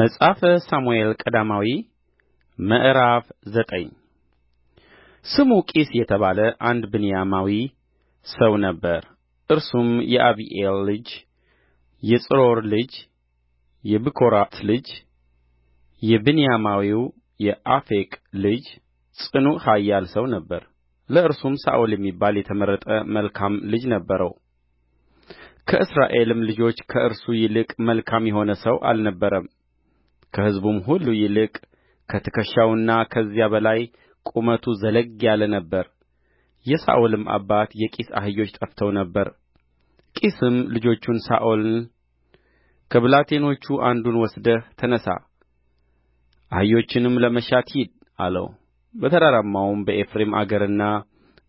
መጽሐፈ ሳሙኤል ቀዳማዊ ምዕራፍ ዘጠኝ ስሙ ቂስ የተባለ አንድ ብንያማዊ ሰው ነበር። እርሱም የአቢኤል ልጅ የጽሮር ልጅ የብኮራት ልጅ የብንያማዊው የአፌቅ ልጅ ጽኑዕ ኃያል ሰው ነበር። ለእርሱም ሳኦል የሚባል የተመረጠ መልካም ልጅ ነበረው። ከእስራኤልም ልጆች ከእርሱ ይልቅ መልካም የሆነ ሰው አልነበረም። ከሕዝቡም ሁሉ ይልቅ ከትከሻውና ከዚያ በላይ ቁመቱ ዘለግ ያለ ነበረ። የሳኦልም አባት የቂስ አህዮች ጠፍተው ነበር። ቂስም ልጆቹን ሳኦልን ከብላቴኖቹ አንዱን ወስደህ ተነሣ፣ አህዮችንም ለመሻት ሂድ አለው። በተራራማውም በኤፍሬም አገርና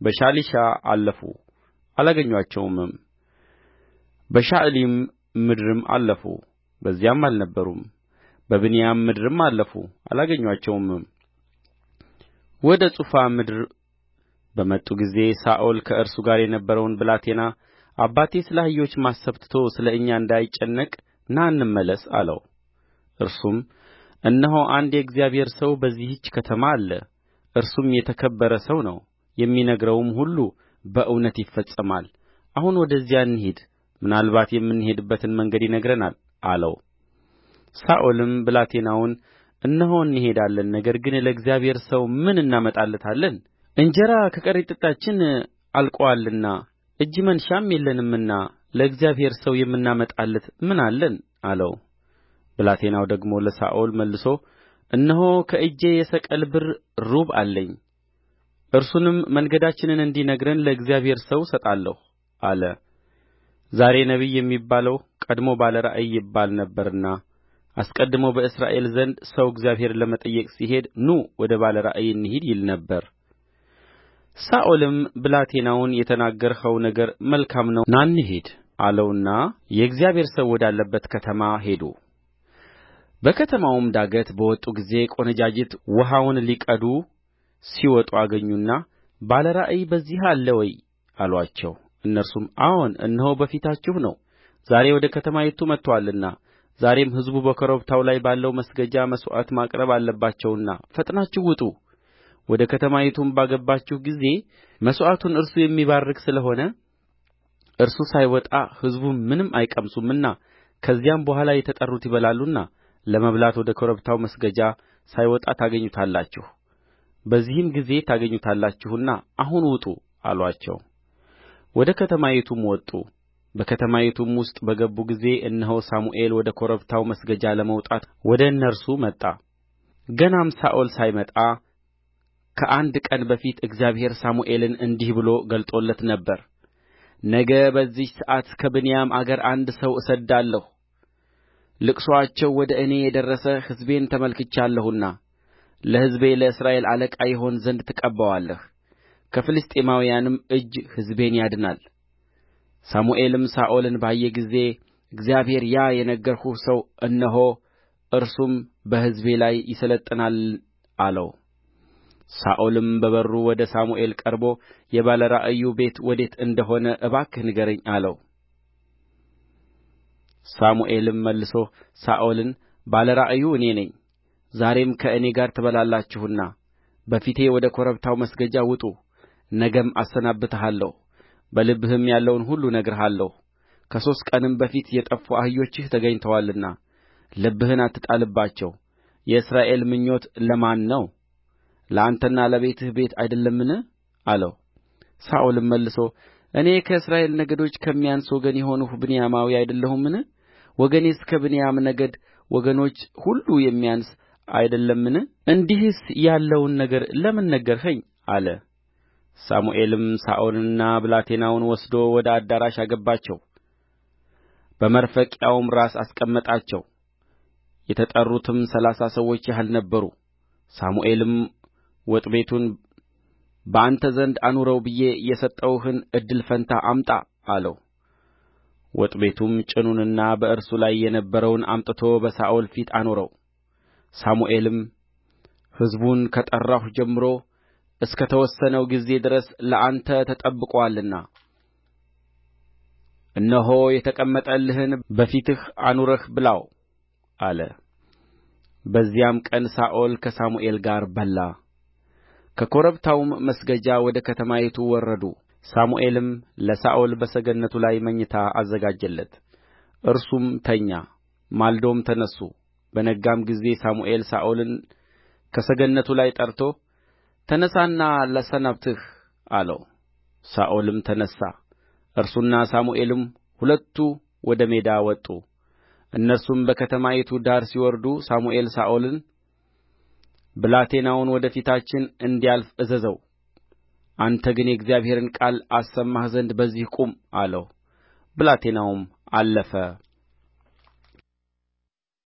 በሻሊሻ አለፉ፣ አላገኙአቸውምም። በሻዕሊም ምድርም አለፉ፣ በዚያም አልነበሩም። በብንያም ምድርም አለፉ አላገኙአቸውምም ወደ ጹፍ ምድር በመጡ ጊዜ ሳኦል ከእርሱ ጋር የነበረውን ብላቴና አባቴ ስለ አህዮች ማሰብ ትቶ ስለ እኛ እንዳይጨነቅ ና እንመለስ አለው። እርሱም እነሆ አንድ የእግዚአብሔር ሰው በዚህች ከተማ አለ፣ እርሱም የተከበረ ሰው ነው፣ የሚነግረውም ሁሉ በእውነት ይፈጸማል። አሁን ወደዚያ እንሂድ፣ ምናልባት የምንሄድበትን መንገድ ይነግረናል አለው። ሳኦልም ብላቴናውን እነሆ እንሄዳለን ነገር ግን ለእግዚአብሔር ሰው ምን እናመጣለታለን እንጀራ ከከረጢታችን አልቆአልና እጅ መንሻም የለንምና ለእግዚአብሔር ሰው የምናመጣለት ምን አለን አለው ብላቴናው ደግሞ ለሳኦል መልሶ እነሆ ከእጄ የሰቅል ብር ሩብ አለኝ እርሱንም መንገዳችንን እንዲነግረን ለእግዚአብሔር ሰው እሰጣለሁ አለ ዛሬ ነቢይ የሚባለው ቀድሞ ባለ ራእይ ይባል ነበርና አስቀድሞ በእስራኤል ዘንድ ሰው እግዚአብሔርን ለመጠየቅ ሲሄድ ኑ ወደ ባለ ራእይ እንሂድ ይል ነበር ሳኦልም ብላቴናውን የተናገርኸው ነገር መልካም ነው ና እንሂድ አለውና የእግዚአብሔር ሰው ወዳለበት ከተማ ሄዱ። በከተማውም ዳገት በወጡ ጊዜ ቆነጃጅት ውኃውን ሊቀዱ ሲወጡ አገኙና ባለ ራእይ በዚህ አለ ወይ አሏቸው። እነርሱም አዎን፣ እነሆ በፊታችሁ ነው፣ ዛሬ ወደ ከተማይቱ መጥቶአልና ዛሬም ሕዝቡ በኮረብታው ላይ ባለው መስገጃ መሥዋዕት ማቅረብ አለባቸውና ፈጥናችሁ ውጡ ወደ ከተማይቱም ባገባችሁ ጊዜ መሥዋዕቱን እርሱ የሚባርክ ስለ ሆነ እርሱ ሳይወጣ ሕዝቡ ምንም አይቀምሱምና ከዚያም በኋላ የተጠሩት ይበላሉና ለመብላት ወደ ኮረብታው መስገጃ ሳይወጣ ታገኙታላችሁ በዚህም ጊዜ ታገኙታላችሁና አሁን ውጡ አሉአቸው ወደ ከተማይቱም ወጡ በከተማይቱም ውስጥ በገቡ ጊዜ እነሆ ሳሙኤል ወደ ኮረብታው መስገጃ ለመውጣት ወደ እነርሱ መጣ ገናም ሳኦል ሳይመጣ ከአንድ ቀን በፊት እግዚአብሔር ሳሙኤልን እንዲህ ብሎ ገልጦለት ነበር ነገ በዚህች ሰዓት ከብንያም አገር አንድ ሰው እሰድዳለሁ ልቅሶአቸው ወደ እኔ የደረሰ ሕዝቤን ተመልክቻለሁና ለሕዝቤ ለእስራኤል አለቃ ይሆን ዘንድ ትቀባዋለህ ከፍልስጥኤማውያንም እጅ ሕዝቤን ያድናል ሳሙኤልም ሳኦልን ባየ ጊዜ እግዚአብሔር ያ የነገርሁህ ሰው እነሆ እርሱም በሕዝቤ ላይ ይሠለጥናል አለው ሳኦልም በበሩ ወደ ሳሙኤል ቀርቦ የባለ ራእዩ ቤት ወዴት እንደ ሆነ እባክህ ንገረኝ አለው ሳሙኤልም መልሶ ሳኦልን ባለ ራእዩ እኔ ነኝ ዛሬም ከእኔ ጋር ትበላላችሁና በፊቴ ወደ ኮረብታው መስገጃ ውጡ ነገም አሰናብትሃለሁ በልብህም ያለውን ሁሉ እነግርሃለሁ ከሦስት ቀንም በፊት የጠፉ አህዮችህ ተገኝተዋልና ልብህን አትጣልባቸው የእስራኤል ምኞት ለማን ነው ለአንተና ለቤትህ ቤት አይደለምን አለው ሳኦልም መልሶ እኔ ከእስራኤል ነገዶች ከሚያንስ ወገን የሆንሁ ብንያማዊ አይደለሁምን ወገኔስ ከብንያም ነገድ ወገኖች ሁሉ የሚያንስ አይደለምን እንዲህስ ያለውን ነገር ለምን ነገርኸኝ አለ ሳሙኤልም ሳኦልንና ብላቴናውን ወስዶ ወደ አዳራሽ አገባቸው በመርፈቂያውም ራስ አስቀመጣቸው የተጠሩትም ሠላሳ ሰዎች ያህል ነበሩ ሳሙኤልም ወጥቤቱን በአንተ ዘንድ አኑረው ብዬ የሰጠሁህን እድል ፈንታ አምጣ አለው ወጥቤቱም ጭኑንና በእርሱ ላይ የነበረውን አምጥቶ በሳኦል ፊት አኖረው ሳሙኤልም ሕዝቡን ከጠራሁ ጀምሮ እስከ ተወሰነው ጊዜ ድረስ ለአንተ ተጠብቆአልና እነሆ የተቀመጠልህን በፊትህ አኑረህ ብላው አለ በዚያም ቀን ሳኦል ከሳሙኤል ጋር በላ ከኮረብታውም መስገጃ ወደ ከተማይቱ ወረዱ ሳሙኤልም ለሳኦል በሰገነቱ ላይ መኝታ አዘጋጀለት እርሱም ተኛ ማልዶም ተነሡ በነጋም ጊዜ ሳሙኤል ሳኦልን ከሰገነቱ ላይ ጠርቶ ተነሣና ላሰናብትህ አለው ሳኦልም ተነሣ እርሱና ሳሙኤልም ሁለቱ ወደ ሜዳ ወጡ እነርሱም በከተማይቱ ዳር ሲወርዱ ሳሙኤል ሳኦልን ብላቴናውን ወደ ፊታችን እንዲያልፍ እዘዘው አንተ ግን የእግዚአብሔርን ቃል አሰማህ ዘንድ በዚህ ቁም አለው ብላቴናውም አለፈ